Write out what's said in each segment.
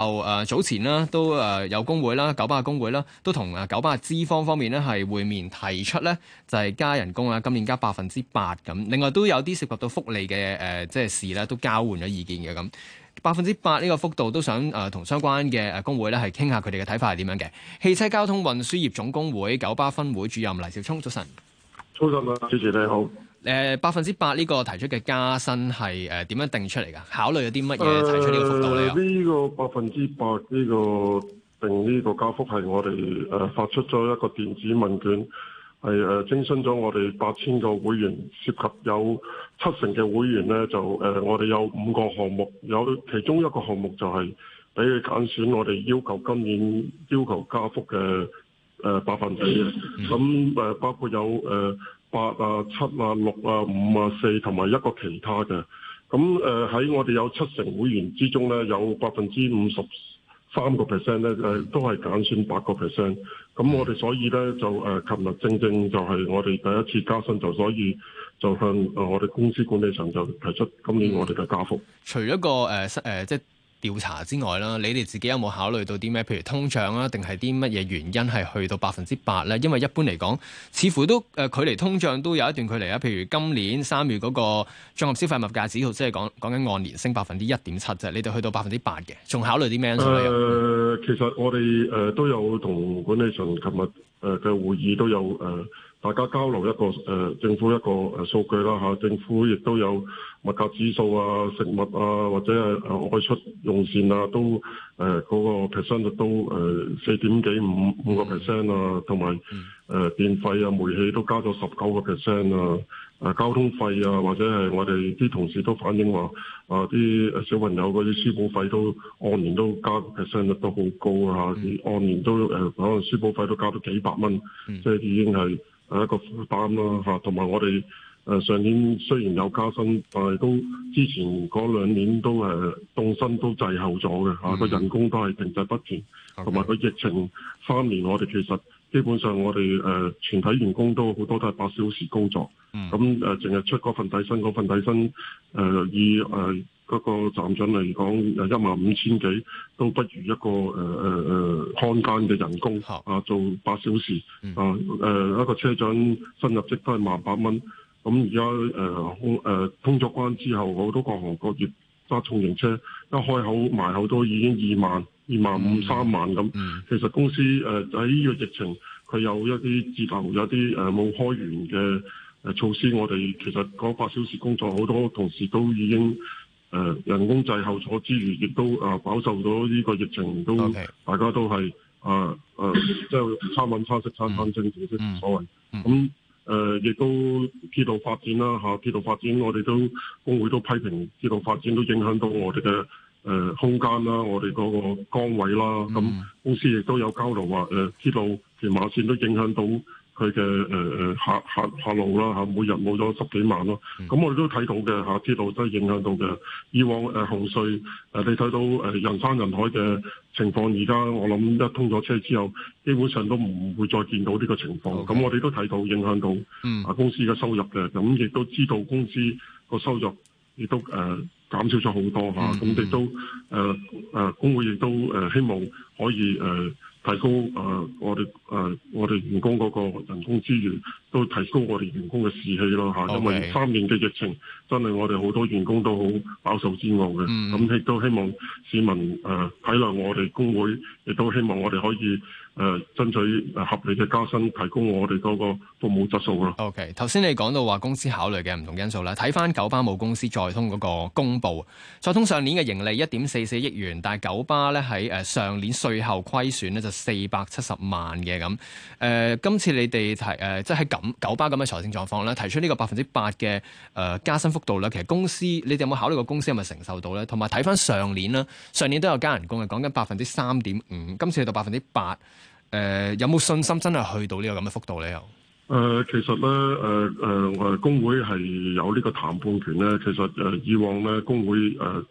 就誒、哦、早前啦，都誒、呃、有工會啦，九巴嘅工會啦，都同誒九巴嘅資方方面咧係會面提出呢就係、是、加人工啊，今年加百分之八咁。另外都有啲涉及到福利嘅誒、呃，即係事呢，都交換咗意見嘅咁。百分之八呢個幅度都想誒同、呃、相關嘅誒工會呢係傾下佢哋嘅睇法係點樣嘅。汽車交通運輸業總工會九巴分會主任黎兆聰，早晨。早晨，主持你好。誒百分之八呢個提出嘅加薪係誒點樣定出嚟㗎？考慮咗啲乜嘢提出呢個幅度呢？呢個百分之八呢個定呢個加幅係我哋誒、呃、發出咗一個電子問卷，係誒、呃、徵詢咗我哋八千個會員，涉及有七成嘅會員呢，就誒、呃，我哋有五個項目，有其中一個項目就係俾佢揀選，我哋要求今年要求加幅嘅誒、呃、百分比嘅，咁誒、嗯呃、包括有誒，呃八啊七啊六啊五啊四同、啊、埋一個其他嘅。咁誒喺我哋有七成會員之中咧，有百分之五十三個 percent 咧，誒、呃、都係揀選八個 percent。咁我哋所以咧就誒，琴、呃、日正正就係我哋第一次加薪，就所以就向誒我哋公司管理層就提出今年我哋嘅加幅。除一個誒誒、呃呃、即。調查之外啦，你哋自己有冇考慮到啲咩？譬如通脹啊，定係啲乜嘢原因係去到百分之八咧？因為一般嚟講，似乎都誒、呃、距離通脹都有一段距離啊。譬如今年三月嗰個綜合消費物價指數，即係講講緊按年升百分之一點七啫。你哋去到百分之八嘅，仲考慮啲咩因素啊？誒，其實我哋誒、呃、都有同管理層琴日誒嘅會議都有誒。呃大家交流一個誒、呃、政府一個誒數據啦嚇，政府亦、呃、都有物價指數啊、食物啊，或者係外出用膳啊，都誒嗰、呃那個 percent 率都誒四點幾五五個 percent 啊，同埋誒電費啊、煤氣都加咗十九個 percent 啊，誒、呃、交通費啊，或者係我哋啲同事都反映話啊啲小朋友嗰啲書簿費都按年都加 percent 率都好高啊，啲、呃、按年都誒可能書簿費都加咗幾百蚊，嗯、即係已經係。係一個負擔咯嚇，同、啊、埋我哋誒、呃、上年雖然有加薪，但係都之前嗰兩年都誒凍薪都滯後咗嘅嚇，個、啊、人工都係停滯不前，同埋 Okay. 個疫情三年，我哋其實基本上我哋誒、呃、全體員工都好多都係八小時工作，咁誒淨係出嗰份底薪，嗰份底薪誒、呃、以誒。呃嗰個站長嚟講，誒一萬五千幾都不如一個誒誒誒看更嘅人工啊，做八小時啊誒、呃、一個車長新入職都係萬八蚊，咁而家誒通誒通咗關之後，好多各行各業揸重型車一開口埋口都已經二萬、二萬五、三萬咁。其實公司誒喺呢個疫情，佢有一啲節流、有啲誒冇開源嘅誒措施，我哋其實嗰八小時工作，好多同事都已經。誒、呃、人工滯後坐之餘，亦都誒飽、呃、受到呢個疫情都，大家都係誒誒，即係餐揾餐食，餐餐蒸煮都唔所謂。咁誒亦都鐵路發展啦嚇，鐵、啊、路發展我哋都工會都批評鐵路發展都影響到我哋嘅誒空間啦，我哋嗰個崗位啦。咁公司亦都有交流話誒，鐵路屯馬線都影響到。佢嘅誒誒客客客路啦嚇，每日冇咗十幾萬咯，咁、嗯、我哋都睇到嘅嚇，知道都係影響到嘅。以往誒、呃、紅隧誒、呃，你睇到誒人山人海嘅情況，而家我諗一通咗車之後，基本上都唔會再見到呢個情況。咁 Okay, 我哋都睇到影響到，啊公司嘅收入嘅，咁亦、嗯、都知道公司個收入亦都誒、呃、減少咗好多嚇。咁、啊、亦、嗯嗯、都誒誒，工、呃呃、會亦都誒希望可以誒。呃提高誒、呃、我哋誒、呃、我哋員工嗰個人工資源，都提高我哋員工嘅士氣咯嚇。Okay. 因為三年嘅疫情，真係我哋好多員工都好飽受煎熬嘅。咁亦、mm. 都希望市民誒體諒，呃、我哋工會亦都希望我哋可以，誒爭取合理嘅加薪，提供我哋嗰個服務質素啦。O K. 頭先你講到話公司考慮嘅唔同因素啦，睇翻九巴冇公司再通嗰個公佈，再通上年嘅盈利一點四四億元，但係九巴咧喺誒上年稅後虧損咧就四百七十萬嘅咁。誒、呃、今次你哋提誒即係喺咁九巴咁嘅財政狀況咧，提出呢個百分之八嘅誒加薪幅度咧，其實公司你哋有冇考慮過公司係咪承受到咧？同埋睇翻上年啦，上年都有加人工嘅，講緊百分之三點五，今次去到百分之八。誒，有冇信心真係去到呢個咁嘅幅度咧？又誒，其實咧，誒、呃、誒，工會係有呢個談判權咧。其實誒、呃，以往咧，工會誒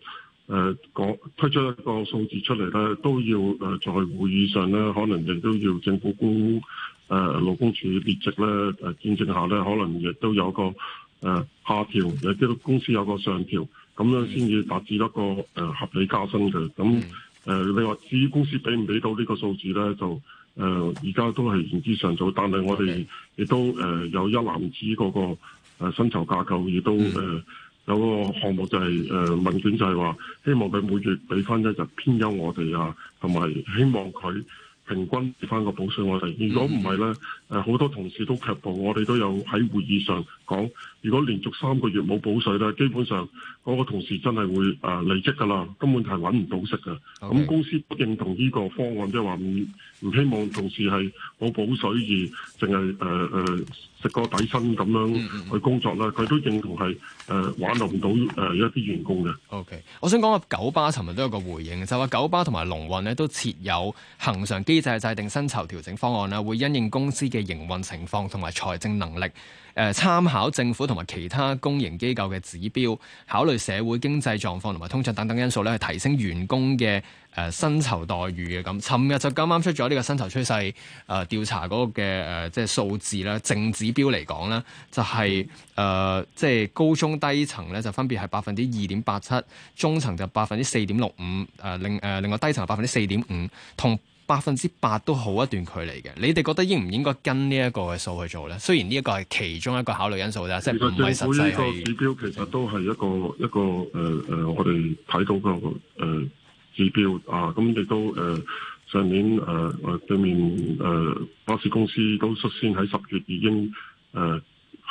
誒講推出一個數字出嚟，咧，都要誒、呃、在會議上咧，可能亦都要政府公誒、呃、勞工處列席咧，見證下咧，可能亦都有個誒、呃、下調，亦即係公司有個上調，咁樣先至達至一個誒、呃、合理加薪嘅。咁誒，你、呃、話至於公司俾唔俾到呢個數字咧，就？誒而家都係言之尚早，但係我哋亦都誒、呃、有一籃子嗰、那個薪、呃、酬架構，亦都誒、呃、有個項目就係誒問卷，呃、就係話希望佢每月俾翻一日偏休我哋啊，同埋希望佢平均翻個補水我哋，如果唔係咧，誒好多同事都劇暴，我哋都有喺會議上講，如果連續三個月冇補水咧，基本上嗰個同事真係會誒離職㗎啦，根本係揾唔到食嘅。咁 Okay. 公司不認同呢個方案，即係話唔唔希望同事係冇補水而淨係誒誒食個底薪咁樣去工作咧，佢 Okay. 都認同係誒挽留唔到誒一啲員工嘅。OK，我想講下九巴尋日都有個回應，就話、是、九巴同埋龍運咧都設有恆常機，就係制定薪酬調整方案啦，會因應公司嘅營運情況同埋財政能力，誒、呃、參考政府同埋其他公營機構嘅指標，考慮社會經濟狀況同埋通脹等等因素咧，去提升員工嘅誒薪酬待遇嘅咁。尋日就啱啱出咗呢個薪酬趨勢誒調查嗰個嘅誒即係數字咧，正指標嚟講咧，就係誒即係高中低層咧就分別係百分之二點八七，中層就百分之四點六五，誒另誒另外低層百分之四點五同百分之八都好一段距離嘅，你哋覺得應唔應該跟呢一個嘅數去做咧？雖然呢一個係其中一個考慮因素啦，即係唔係實際係，指標，呃、指標。其實都係一個一個誒誒我哋睇到個誒指標啊，咁亦都誒、呃、上年誒誒、呃、對面誒、呃、巴士公司都率先喺十月已經誒、呃、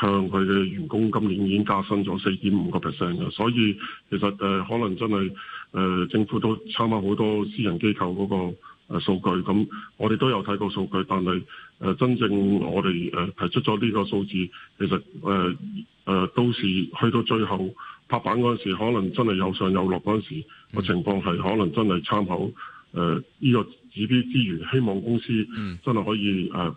向佢嘅員工今年已經加薪咗四點五個 percent 嘅，所以其實誒、呃、可能真係誒、呃、政府都差唔多好多私人機構嗰、那個。誒數據咁，我哋都有睇過數據，但係誒、呃、真正我哋誒、呃、提出咗呢個數字，其實誒誒到時去到最後拍板嗰陣時，可能真係有上有落嗰陣時個、嗯、情況係可能真係參考誒呢、呃這個指標資源，希望公司真係可以誒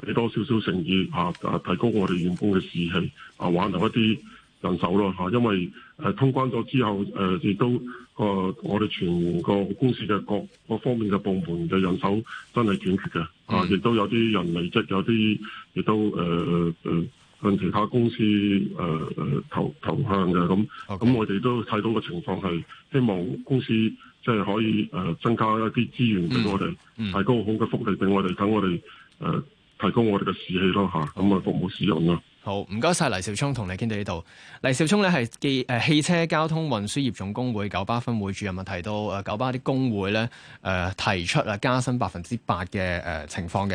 俾、呃、多少少誠意啊啊、呃，提高我哋員工嘅士氣啊、呃，挽留一啲。人手咯嚇，因為誒、呃、通關咗之後，誒、呃、亦都個、呃、我哋全個公司嘅各各方面嘅部門嘅人手真係短缺嘅，啊，亦都有啲人離職，有啲亦都誒誒、呃呃、向其他公司誒誒、呃、投投向嘅，咁咁我哋都睇到個情況係希望公司即係可以誒增加一啲資源俾我哋，提高好嘅福利俾我哋，等我哋誒提高我哋嘅士氣咯嚇，咁啊服務使用咯。嗯嗯嗯嗯。好，唔該曬黎兆聰同你傾到呢度。黎兆聰咧係機誒汽車交通運輸業總工會九巴分會主任，啊提到誒九巴啲工會咧誒、呃、提出啊加薪百分之八嘅誒情況嘅。